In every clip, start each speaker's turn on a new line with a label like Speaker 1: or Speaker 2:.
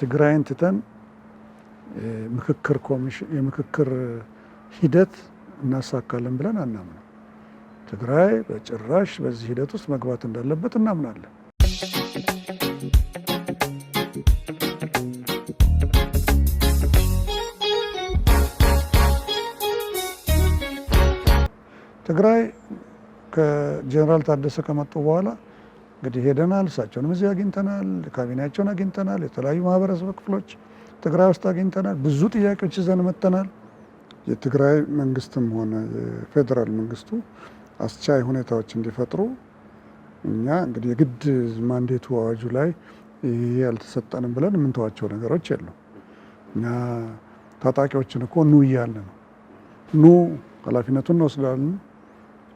Speaker 1: ትግራይን ትተን ምክክር ኮሚሽን የምክክር ሂደት እናሳካለን ብለን አናምነ። ትግራይ በጭራሽ በዚህ ሂደት ውስጥ መግባት እንዳለበት እናምናለን። ትግራይ ከጀኔራል ታደሰ ከመጡ በኋላ እንግዲህ ሄደናል። እሳቸውንም እዚህ አግኝተናል። ካቢኔያቸውን አግኝተናል። የተለያዩ ማህበረሰብ ክፍሎች ትግራይ ውስጥ አግኝተናል። ብዙ ጥያቄዎች ይዘን መጥተናል። የትግራይ መንግስትም ሆነ የፌዴራል መንግስቱ አስቻይ ሁኔታዎች እንዲፈጥሩ እኛ እንግዲህ የግድ ማንዴቱ አዋጁ ላይ ይሄ አልተሰጠንም ብለን የምንተዋቸው ነገሮች የሉም። እኛ ታጣቂዎችን እኮ ኑ እያለ ነው። ኑ ኃላፊነቱን እንወስዳለን።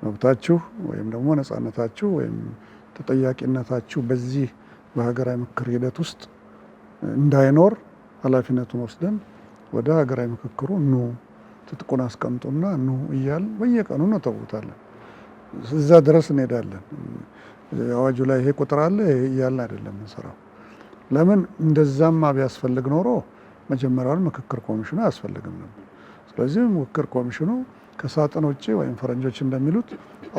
Speaker 1: መብታችሁ ወይም ደግሞ ነጻነታችሁ ወይም ተጠያቂነታችሁ በዚህ በሀገራዊ ምክክር ሂደት ውስጥ እንዳይኖር ኃላፊነቱን ወስደን ወደ ሀገራዊ ምክክሩ ኑ ትጥቁን አስቀምጡና ኑ እያል በየቀኑ ተውታለን። እዛ ድረስ እንሄዳለን። አዋጁ ላይ ይሄ ቁጥር አለ ይሄ እያልን አይደለም እንሰራው። ለምን እንደዛማ ቢያስፈልግ ኖሮ መጀመሪያውን ምክክር ኮሚሽኑ አያስፈልግም ነበር። ስለዚህ ምክክር ኮሚሽኑ ከሳጥን ውጭ ወይም ፈረንጆች እንደሚሉት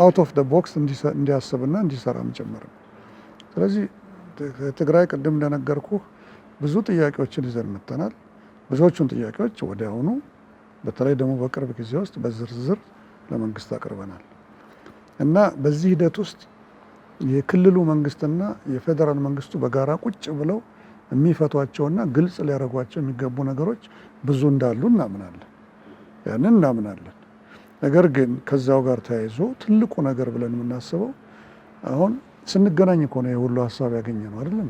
Speaker 1: አውት ኦፍ ደ ቦክስ እንዲያስብና እንዲሰራም ጭምር ስለዚህ ትግራይ ቅድም እንደነገርኩ ብዙ ጥያቄዎችን ይዘን መጥተናል። ብዙዎቹን ጥያቄዎች ወዲያውኑ በተለይ ደግሞ በቅርብ ጊዜ ውስጥ በዝርዝር ለመንግስት አቅርበናል እና በዚህ ሂደት ውስጥ የክልሉ መንግስትና የፌዴራል መንግስቱ በጋራ ቁጭ ብለው የሚፈቷቸውና ግልጽ ሊያደርጓቸው የሚገቡ ነገሮች ብዙ እንዳሉ እናምናለን። ያንን እናምናለን። ነገር ግን ከዛው ጋር ተያይዞ ትልቁ ነገር ብለን የምናስበው አሁን ስንገናኝ ከሆነ የሁሉ ሀሳብ ያገኘ ነው አይደለም።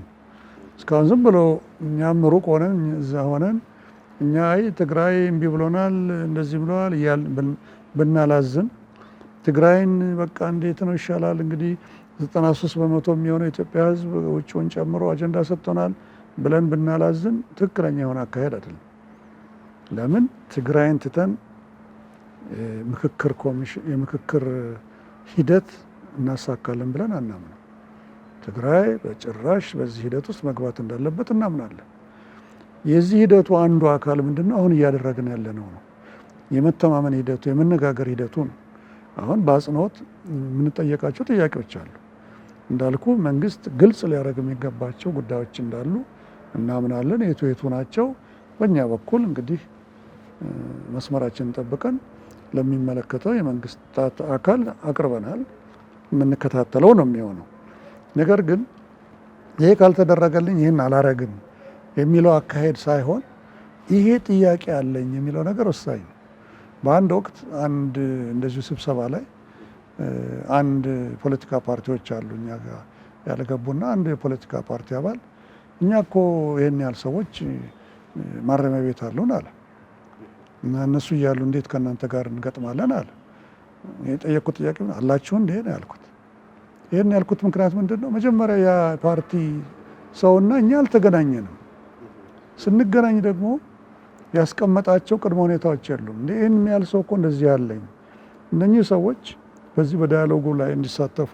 Speaker 1: እስካሁን ዝም ብሎ እኛም ሩቅ ሆነን እዛ ሆነን እኛ አይ ትግራይ እምቢ ብሎናል እንደዚህ ብለዋል እያል ብናላዝን ትግራይን በቃ እንዴት ነው ይሻላል እንግዲህ 93 በመቶ የሚሆነው የኢትዮጵያ ሕዝብ ውጭውን ጨምሮ አጀንዳ ሰጥቶናል ብለን ብናላዝን ትክክለኛ የሆነ አካሄድ አይደለም። ለምን ትግራይን ትተን ምክክር ኮሚሽን የምክክር ሂደት እናሳካለን ብለን አናምንም። ትግራይ በጭራሽ በዚህ ሂደት ውስጥ መግባት እንዳለበት እናምናለን። የዚህ ሂደቱ አንዱ አካል ምንድን ነው? አሁን እያደረግን ያለነው ነው። የመተማመን ሂደቱ የመነጋገር ሂደቱ ነው። አሁን በአጽንኦት የምንጠየቃቸው ጥያቄዎች አሉ። እንዳልኩ መንግስት ግልጽ ሊያደርግ የሚገባቸው ጉዳዮች እንዳሉ እናምናለን። የቱ የቱ ናቸው? በእኛ በኩል እንግዲህ መስመራችንን ጠብቀን ለሚመለከተው የመንግስታት አካል አቅርበናል። የምንከታተለው ነው የሚሆነው። ነገር ግን ይሄ ካልተደረገልኝ ይህን አላረግም የሚለው አካሄድ ሳይሆን ይሄ ጥያቄ አለኝ የሚለው ነገር ወሳኝ ነው። በአንድ ወቅት አንድ እንደዚሁ ስብሰባ ላይ አንድ ፖለቲካ ፓርቲዎች አሉ እኛ ጋር ያልገቡና አንዱ የፖለቲካ ፓርቲ አባል እኛ እኮ ይህን ያህል ሰዎች ማረሚያ ቤት አሉን አለ። እነሱ እያሉ እንዴት ከእናንተ ጋር እንገጥማለን አለ። የጠየቅኩት ጥያቄ አላችሁ እንዴ ነው ያልኩት። ይህን ያልኩት ምክንያት ምንድን ነው? መጀመሪያ ያ ፓርቲ ሰውና እኛ አልተገናኘንም። ስንገናኝ ደግሞ ያስቀመጣቸው ቅድመ ሁኔታዎች የሉም። እንደ ይህን የሚያል ሰው እኮ እንደዚህ ያለኝ እነኚህ ሰዎች በዚህ በዳያሎጉ ላይ እንዲሳተፉ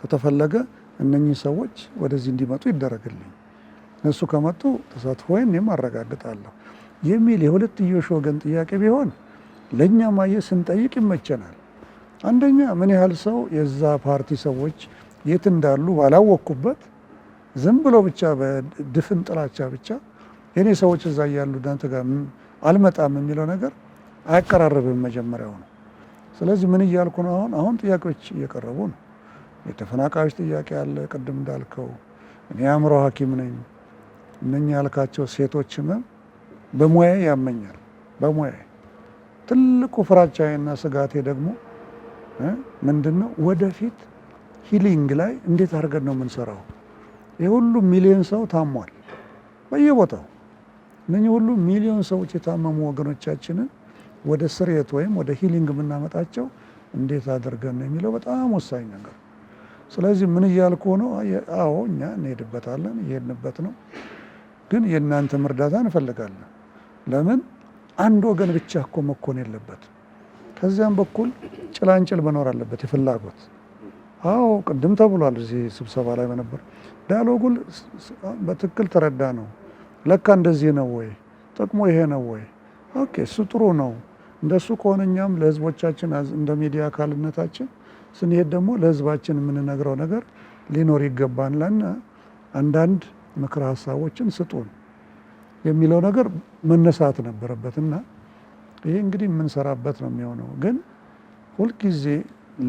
Speaker 1: ከተፈለገ እነኚህ ሰዎች ወደዚህ እንዲመጡ ይደረግልኝ። እነሱ ከመጡ ተሳትፎ ወይም እኔም አረጋግጣለሁ። የሚል የሁለትዮሽ ወገን ጥያቄ ቢሆን ለእኛ ማየ ስንጠይቅ ይመቸናል። አንደኛ ምን ያህል ሰው የዛ ፓርቲ ሰዎች የት እንዳሉ ባላወቅኩበት ዝም ብሎ ብቻ በድፍን ጥላቻ ብቻ የኔ ሰዎች እዛ እያሉ እናንተ ጋር አልመጣም የሚለው ነገር አያቀራርብም መጀመሪያው ነው። ስለዚህ ምን እያልኩ ነው? አሁን አሁን ጥያቄዎች እየቀረቡ ነው። የተፈናቃዮች ጥያቄ አለ። ቅድም እንዳልከው እኔ አእምሮ ሐኪም ነኝ። እነኛ ያልካቸው ሴቶችምም በሙያ ያመኛል። በሙያ ትልቁ ፍራቻዬና ስጋቴ ደግሞ ምንድን ነው? ወደፊት ሂሊንግ ላይ እንዴት አድርገን ነው የምንሰራው? ይህ ሁሉ ሚሊዮን ሰው ታሟል በየቦታው። እነኚህ ሁሉ ሚሊዮን ሰዎች የታመሙ ወገኖቻችንን ወደ ስርየት ወይም ወደ ሂሊንግ የምናመጣቸው እንዴት አድርገን ነው የሚለው በጣም ወሳኝ ነገር። ስለዚህ ምን እያልኩ ሆኖ፣ አዎ እኛ እንሄድበታለን፣ እየሄድንበት ነው፣ ግን የእናንተም እርዳታ እንፈልጋለን። ለምን አንድ ወገን ብቻ እኮ መኮን የለበትም። ከዚያም በኩል ጭላንጭል መኖር አለበት የፍላጎት አዎ ቅድም ተብሏል እዚህ ስብሰባ ላይ በነበር ዳያሎጉን በትክክል ተረዳ ነው። ለካ እንደዚህ ነው ወይ ጥቅሙ ይሄ ነው ወይ? ኦኬ እሱ ጥሩ ነው። እንደሱ ከሆነ እኛም ለህዝቦቻችን እንደ ሚዲያ አካልነታችን ስንሄድ ደግሞ ለህዝባችን የምንነግረው ነገር ሊኖር ይገባናልና አንዳንድ ምክረ ሀሳቦችን ስጡን። የሚለው ነገር መነሳት ነበረበት እና ይሄ እንግዲህ የምንሰራበት ነው የሚሆነው። ግን ሁልጊዜ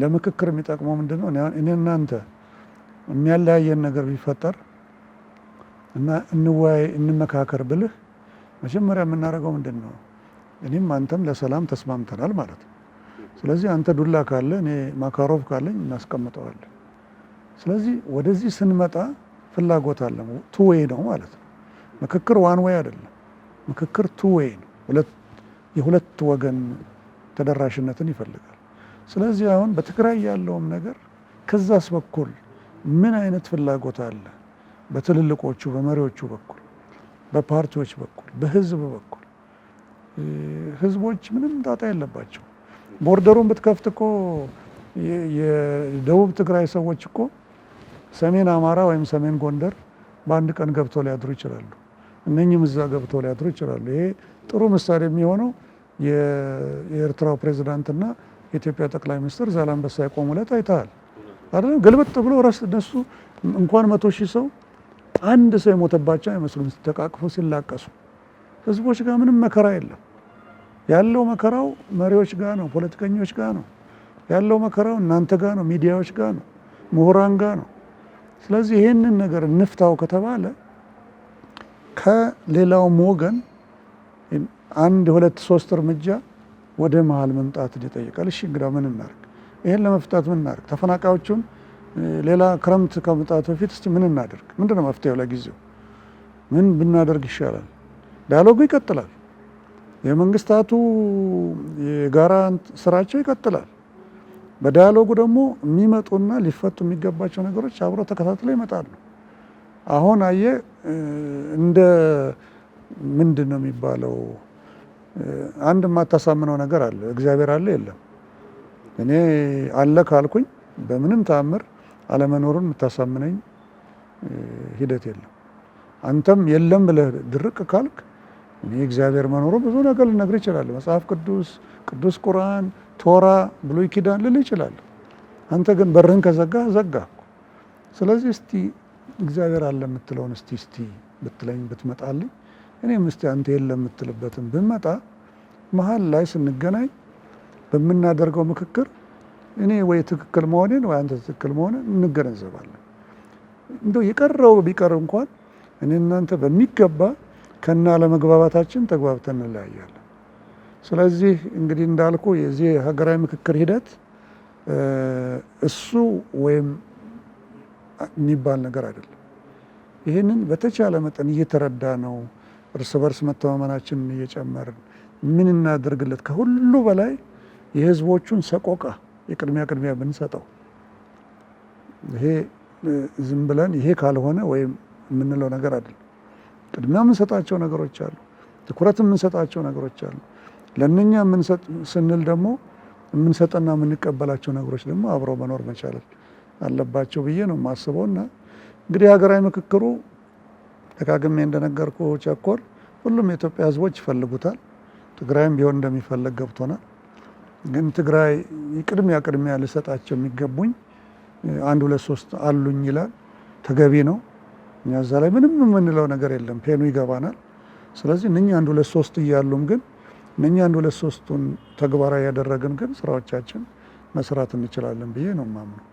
Speaker 1: ለምክክር የሚጠቅመው ምንድን ነው? እኔ እናንተ የሚያለያየን ነገር ቢፈጠር እና እንወያይ እንመካከር ብልህ መጀመሪያ የምናደርገው ምንድን ነው? እኔም አንተም ለሰላም ተስማምተናል ማለት ነው። ስለዚህ አንተ ዱላ ካለ እኔ ማካሮቭ ካለኝ እናስቀምጠዋለን። ስለዚህ ወደዚህ ስንመጣ ፍላጎት አለ ቱዌይ ነው ማለት ነው። ምክክር ዋን ወይ አይደለም። ምክክር ቱ ዌይ ነው። የሁለት ወገን ተደራሽነትን ይፈልጋል። ስለዚህ አሁን በትግራይ ያለውም ነገር ከዛስ በኩል ምን አይነት ፍላጎት አለ? በትልልቆቹ በመሪዎቹ በኩል፣ በፓርቲዎች በኩል፣ በህዝብ በኩል ህዝቦች ምንም ጣጣ የለባቸው። ቦርደሩን ብትከፍት እኮ የደቡብ ትግራይ ሰዎች እኮ ሰሜን አማራ ወይም ሰሜን ጎንደር በአንድ ቀን ገብተው ሊያድሩ ይችላሉ። እነኚህም እዛ ገብተው ሊያድሩ ይችላሉ። ይሄ ጥሩ ምሳሌ የሚሆነው የኤርትራው ፕሬዚዳንትና የኢትዮጵያ ጠቅላይ ሚኒስትር ዛላንበሳ የቆሙ ዕለት አይተሃል አይደለም? ገልበጥ ብሎ ራስ እነሱ እንኳን መቶ ሺህ ሰው አንድ ሰው የሞተባቸው አይመስሉም። ተቃቅፈው ሲላቀሱ ህዝቦች ጋር ምንም መከራ የለም። ያለው መከራው መሪዎች ጋር ነው፣ ፖለቲከኞች ጋር ነው ያለው መከራው እናንተ ጋር ነው፣ ሚዲያዎች ጋር ነው፣ ምሁራን ጋር ነው። ስለዚህ ይህንን ነገር እንፍታው ከተባለ ከሌላውም ወገን አንድ ሁለት ሶስት እርምጃ ወደ መሀል መምጣት ይጠይቃል። እሺ እንግዳ ምን እናርግ? ይህን ለመፍታት ምን እናርግ? ተፈናቃዮቹን ሌላ ክረምት ከመምጣቱ በፊት እስቲ ምን እናደርግ? ምንድን ነው መፍትሄው? ለጊዜው ምን ብናደርግ ይሻላል? ዳያሎጉ ይቀጥላል። የመንግስታቱ የጋራ ስራቸው ይቀጥላል። በዳያሎጉ ደግሞ የሚመጡና ሊፈቱ የሚገባቸው ነገሮች አብረው ተከታትለው ይመጣሉ። አሁን አየ እንደ ምንድን ነው የሚባለው? አንድ የማታሳምነው ነገር አለ። እግዚአብሔር አለ የለም። እኔ አለ ካልኩኝ በምንም ተአምር አለመኖሩን የምታሳምነኝ ሂደት የለም። አንተም የለም ብለህ ድርቅ ካልክ እኔ እግዚአብሔር መኖሩ ብዙ ነገር ልነግር ይችላል። መጽሐፍ ቅዱስ፣ ቅዱስ ቁርአን፣ ቶራ፣ ብሉይ ኪዳን ልል ይችላል። አንተ ግን በርህን ከዘጋ ዘጋ። ስለዚህ እስቲ እግዚአብሔር አለ የምትለውን እስቲ እስቲ ብትለኝ ብትመጣልኝ እኔም እስቲ አንተ የለ የምትልበትን ብመጣ መሀል ላይ ስንገናኝ በምናደርገው ምክክር እኔ ወይ ትክክል መሆኔን ወይ አንተ ትክክል መሆንን እንገነዘባለን። እንደው የቀረው ቢቀር እንኳን እኔ እናንተ በሚገባ ከና ለመግባባታችን ተግባብተን እንለያያለን። ስለዚህ እንግዲህ እንዳልኩ የዚህ ሀገራዊ ምክክር ሂደት እሱ ወይም የሚባል ነገር አይደለም። ይህንን በተቻለ መጠን እየተረዳ ነው እርስ በርስ መተማመናችንን እየጨመርን ምን እናደርግለት ከሁሉ በላይ የህዝቦቹን ሰቆቃ የቅድሚያ ቅድሚያ ብንሰጠው ይሄ ዝም ብለን ይሄ ካልሆነ ወይም የምንለው ነገር አይደለም። ቅድሚያ የምንሰጣቸው ነገሮች አሉ። ትኩረት የምንሰጣቸው ነገሮች አሉ። ለእነኛ ስንል ደግሞ የምንሰጥና የምንቀበላቸው ነገሮች ደግሞ አብረው መኖር መቻላል አለባቸው ብዬ ነው የማስበው። እና እንግዲህ ሀገራዊ ምክክሩ ደጋግሜ እንደነገርኩ ቸኮል ሁሉም የኢትዮጵያ ሕዝቦች ይፈልጉታል። ትግራይም ቢሆን እንደሚፈለግ ገብቶናል። ግን ትግራይ ቅድሚያ ቅድሚያ ልሰጣቸው የሚገቡኝ አንድ ሁለት ሶስት አሉኝ ይላል። ተገቢ ነው። እኛ እዛ ላይ ምንም የምንለው ነገር የለም። ፔኑ ይገባናል። ስለዚህ እነኛ አንድ ሁለት ሶስት እያሉም ግን እነኛ አንድ ሁለት ሶስቱን ተግባራዊ ያደረግን ግን ስራዎቻችን መስራት እንችላለን ብዬ ነው የማምነው።